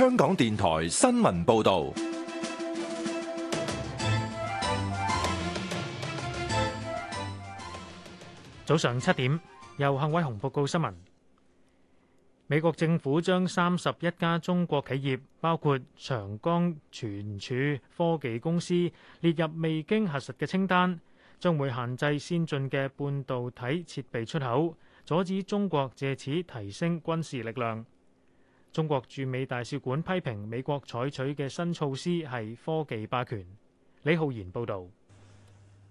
香港電台新聞報道，早上七點，由幸偉雄報告新聞。美國政府將三十一家中國企業，包括長江存儲科技公司，列入未經核實嘅清單，將會限制先進嘅半導體設備出口，阻止中國借此提升軍事力量。中國駐美大使館批評美國採取嘅新措施係科技霸權。李浩然報道，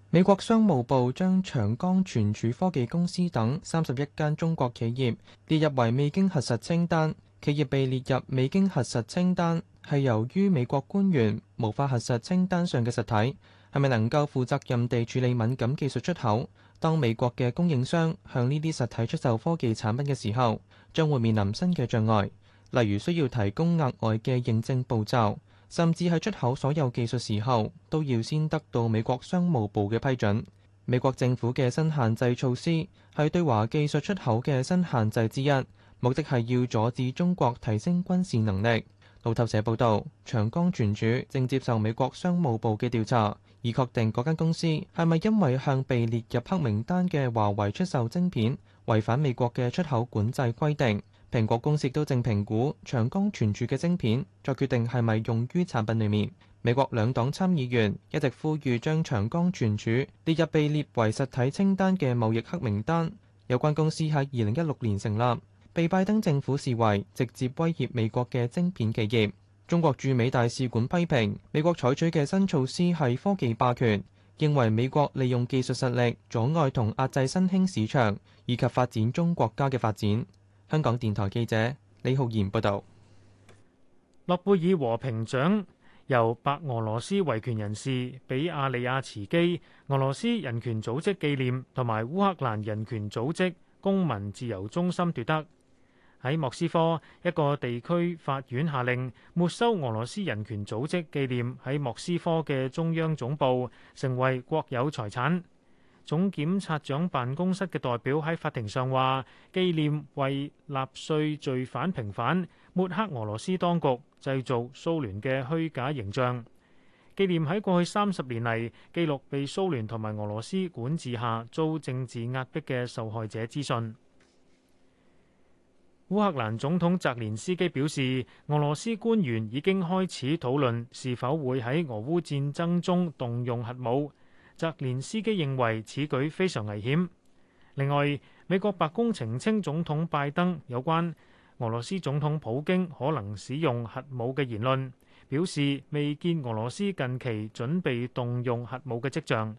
美國商務部將長江存儲科技公司等三十一間中國企業列入為未經核實清單。企業被列入未經核實清單，係由於美國官員無法核實清單上嘅實體，係咪能夠負責任地處理敏感技術出口。當美國嘅供應商向呢啲實體出售科技產品嘅時候，將會面臨新嘅障礙。例如需要提供額外嘅認證步驟，甚至係出口所有技術時候都要先得到美國商務部嘅批准。美國政府嘅新限制措施係對華技術出口嘅新限制之一，目的係要阻止中國提升軍事能力。路透社報道，長江存儲正接受美國商務部嘅調查，以確定嗰間公司係咪因為向被列入黑名單嘅華為出售晶片違反美國嘅出口管制規定。蘋果公司都正評估長江存儲嘅晶片，再決定係咪用於產品裏面。美國兩黨參議員一直呼籲將長江存儲列入被列為實體清單嘅貿易黑名單。有關公司喺二零一六年成立，被拜登政府視為直接威脅美國嘅晶片企業。中國駐美大使館批評美國採取嘅新措施係科技霸權，認為美國利用技術實力阻礙同壓制新興市場，以及發展中國家嘅發展。香港電台記者李浩然報道：諾貝爾和平獎由白俄羅斯維權人士比亞利亞茨基、俄羅斯人權組織紀念同埋烏克蘭人權組織公民自由中心奪得。喺莫斯科，一個地區法院下令沒收俄羅斯人權組織紀念喺莫斯科嘅中央總部，成為國有財產。總檢察長辦公室嘅代表喺法庭上話：紀念為納粹罪犯平反，抹黑俄羅斯當局製造蘇聯嘅虛假形象，紀念喺過去三十年嚟記錄被蘇聯同埋俄羅斯管治下遭政治壓迫嘅受害者資訊。烏克蘭總統澤連斯基表示，俄羅斯官員已經開始討論是否會喺俄烏戰爭中動用核武。澤連斯基認為此舉非常危險。另外，美國白宮澄清總統拜登有關俄羅斯總統普京可能使用核武嘅言論，表示未見俄羅斯近期準備動用核武嘅跡象。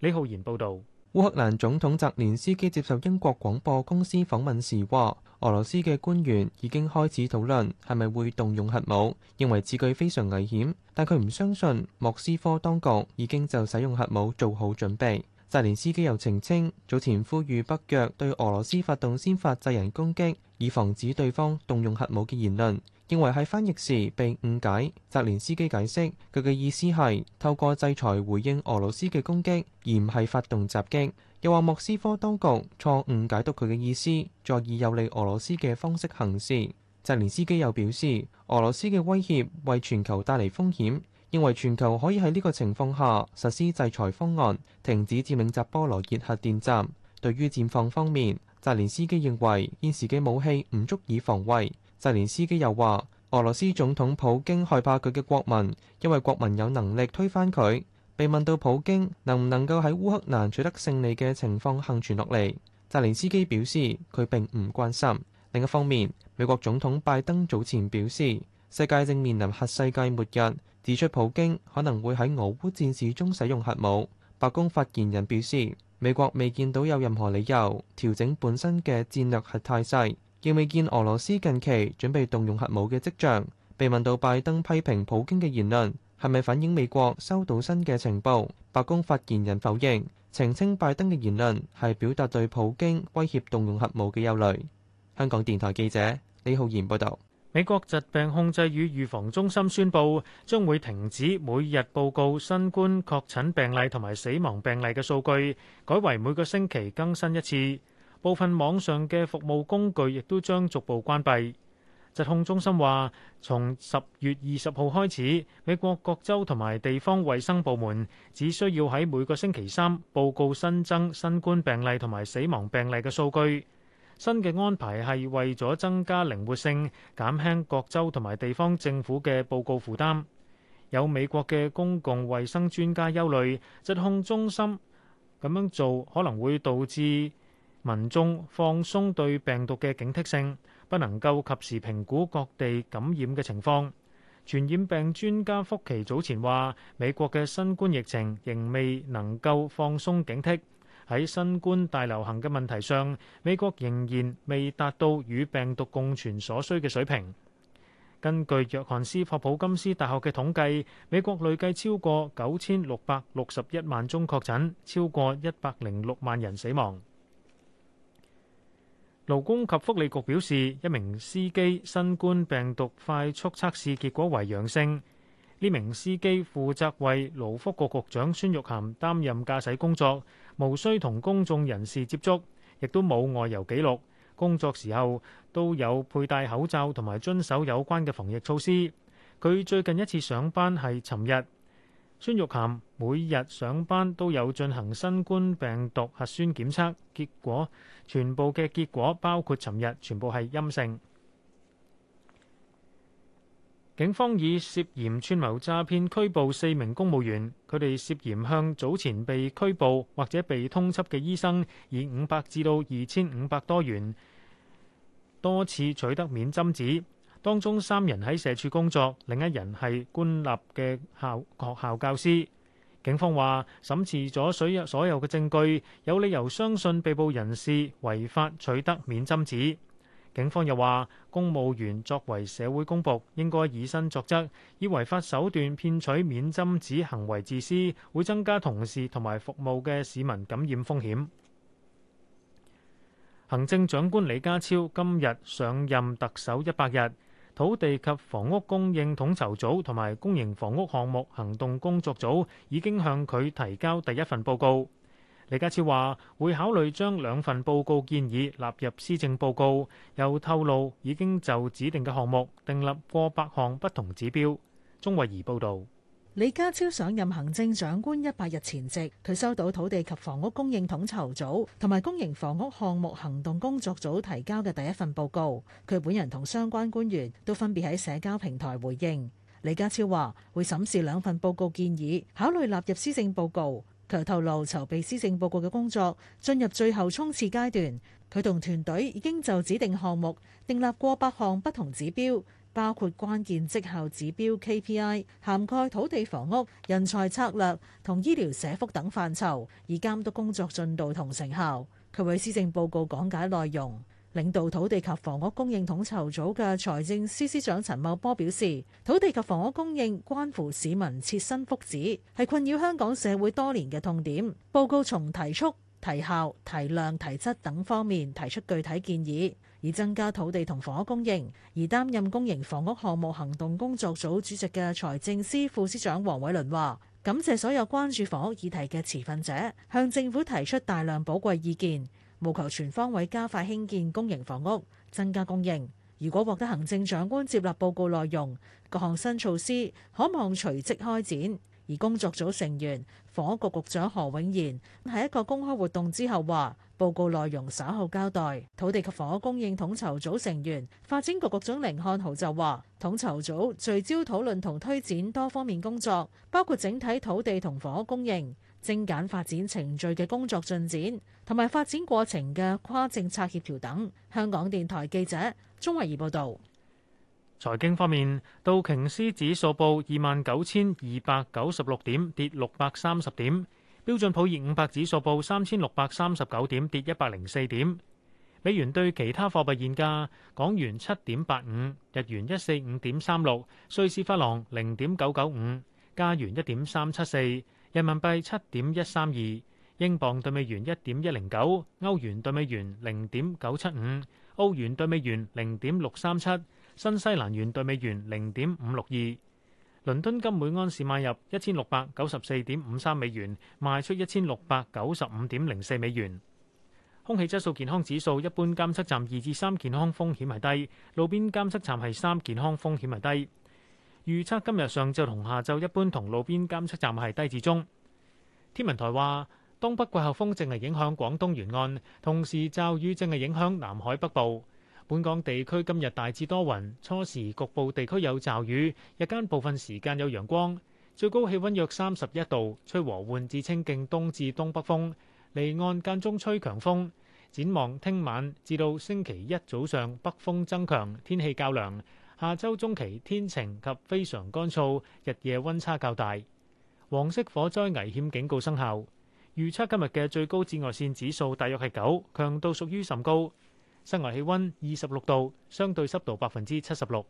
李浩然報導。烏克蘭總統澤連斯基接受英國廣播公司訪問時話：俄羅斯嘅官員已經開始討論係咪會動用核武，認為此舉非常危險，但佢唔相信莫斯科當局已經就使用核武做好準備。澤連斯基又澄清，早前呼籲北約對俄羅斯發動先發制人攻擊，以防止對方動用核武嘅言論，認為喺翻譯時被誤解。澤連斯基解釋，佢嘅意思係透過制裁回應俄羅斯嘅攻擊，而唔係發動襲擊，又話莫斯科當局錯誤解讀佢嘅意思，再以有利俄羅斯嘅方式行事。澤連斯基又表示，俄羅斯嘅威脅為全球帶嚟風險。認為全球可以喺呢個情況下實施制裁方案，停止佔領扎波羅熱核電站。對於戰況方面，澤連斯基認為現時嘅武器唔足以防衛。澤連斯基又話，俄羅斯總統普京害怕佢嘅國民，因為國民有能力推翻佢。被問到普京能唔能夠喺烏克蘭取得勝利嘅情況幸存落嚟，澤連斯基表示佢並唔關心。另一方面，美國總統拜登早前表示，世界正面臨核世界末日。指出普京可能會喺俄烏戰事中使用核武。白宮發言人表示，美國未見到有任何理由調整本身嘅戰略核態勢，亦未見俄羅斯近期準備動用核武嘅跡象。被問到拜登批評普京嘅言論，係咪反映美國收到新嘅情報？白宮發言人否認，澄清拜登嘅言論，係表達對普京威脅動用核武嘅憂慮。香港電台記者李浩然報道。美國疾病控制與預防中心宣布，將會停止每日報告新冠確診病例同埋死亡病例嘅數據，改為每個星期更新一次。部分網上嘅服務工具亦都將逐步關閉。疾控中心話，從十月二十號開始，美國各州同埋地方衛生部門只需要喺每個星期三報告新增新冠病例同埋死亡病例嘅數據。新嘅安排係為咗增加靈活性，減輕各州同埋地方政府嘅報告負擔。有美國嘅公共衛生專家憂慮，疾控中心咁樣做可能會導致民眾放鬆對病毒嘅警惕性，不能夠及時評估各地感染嘅情況。傳染病專家福奇早前話，美國嘅新冠疫情仍未能夠放鬆警惕。喺新冠大流行嘅問題上，美國仍然未達到與病毒共存所需嘅水平。根據約翰斯霍普金斯大學嘅統計，美國累計超過九千六百六十一萬宗確診，超過一百零六萬人死亡。勞工及福利局表示，一名司機新冠病毒快速測試結果為陽性。呢名司機負責為勞福局局長孫玉菡擔任駕駛工作，無需同公眾人士接觸，亦都冇外遊記錄。工作時候都有佩戴口罩同埋遵守有關嘅防疫措施。佢最近一次上班係尋日。孫玉菡每日上班都有進行新冠病毒核酸檢測，結果全部嘅結果包括尋日全部係陰性。警方以涉嫌串謀詐騙拘捕四名公務員，佢哋涉嫌向早前被拘捕或者被通緝嘅醫生，以五百至到二千五百多元多次取得免針紙。當中三人喺社署工作，另一人係官立嘅校學校教師。警方話審視咗所有所有嘅證據，有理由相信被捕人士違法取得免針紙。警方又話，公務員作為社會公僕，應該以身作則，以違法手段騙取免針紙行為自私，會增加同事同埋服務嘅市民感染風險。行政長官李家超今日上任特首一百日，土地及房屋供應統籌組同埋公營房屋項目行動工作組已經向佢提交第一份報告。李家超話會考慮將兩份報告建議納入施政報告，又透露已經就指定嘅項目訂立過百項不同指標。鍾慧儀報導。李家超上任行政長官一百日前夕，佢收到土地及房屋供應統籌組同埋公營房屋項目行動工作組提交嘅第一份報告。佢本人同相關官員都分別喺社交平台回應。李家超話會審視兩份報告建議，考慮納入施政報告。佢透露籌備施政報告嘅工作進入最後衝刺階段，佢同團隊已經就指定項目訂立過百項不同指標，包括關鍵績效指標 KPI，涵蓋土地房屋、人才策略同醫療社福等範疇，以監督工作進度同成效。佢為施政報告講解內容。領導土地及房屋供應統籌組嘅財政司司長陳茂波表示，土地及房屋供應關乎市民切身福祉，係困擾香港社會多年嘅痛點。報告從提速、提效、提量、提質等方面提出具體建議，以增加土地同房屋供應。而擔任公營房屋項目行動工作組主席嘅財政司副司長黃偉倫話：感謝所有關注房屋議題嘅持份者，向政府提出大量寶貴意見。務求全方位加快興建公營房屋，增加供應。如果獲得行政長官接納報告內容，各項新措施可望隨即開展。而工作組成員房屋局局長何永賢喺一個公開活動之後話：報告內容稍後交代。土地及房屋供應統籌組成員發展局局長甯漢豪就話：統籌組聚焦討論同推展多方面工作，包括整體土地同房屋供應。精簡發展程序嘅工作進展，同埋發展過程嘅跨政策協調等。香港電台記者鍾慧儀報道。財經方面，道瓊斯指數報二萬九千二百九十六點，跌六百三十點；標準普爾五百指數報三千六百三十九點，跌一百零四點。美元對其他貨幣現價：港元七點八五，日元一四五點三六，瑞士法郎零點九九五，加元一點三七四。人民幣七點一三二，英鎊兌美元一點一零九，歐元兌美元零點九七五，歐元兌美元零點六三七，新西蘭元兌美元零點五六二。倫敦金每安士買入一千六百九十四點五三美元，賣出一千六百九十五點零四美元。空氣質素健康指數，一般監測站二至三健康風險係低，路邊監測站係三健康風險係低。預測今日上晝同下晝一般，同路邊監測站係低至中。天文台話，東北季候風正係影響廣東沿岸，同時驟雨正係影響南海北部。本港地區今日大致多雲，初時局部地區有驟雨，日間部分時間有陽光。最高氣温約三十一度，吹和緩至清勁東至東北風，離岸間中吹強風。展望聽晚至到星期一早上，北風增強，天氣較涼。下周中期天晴及非常乾燥，日夜溫差較大。黃色火災危險警告生效。預測今日嘅最高紫外線指數大約係九，強度屬於甚高。室外氣溫二十六度，相對濕度百分之七十六。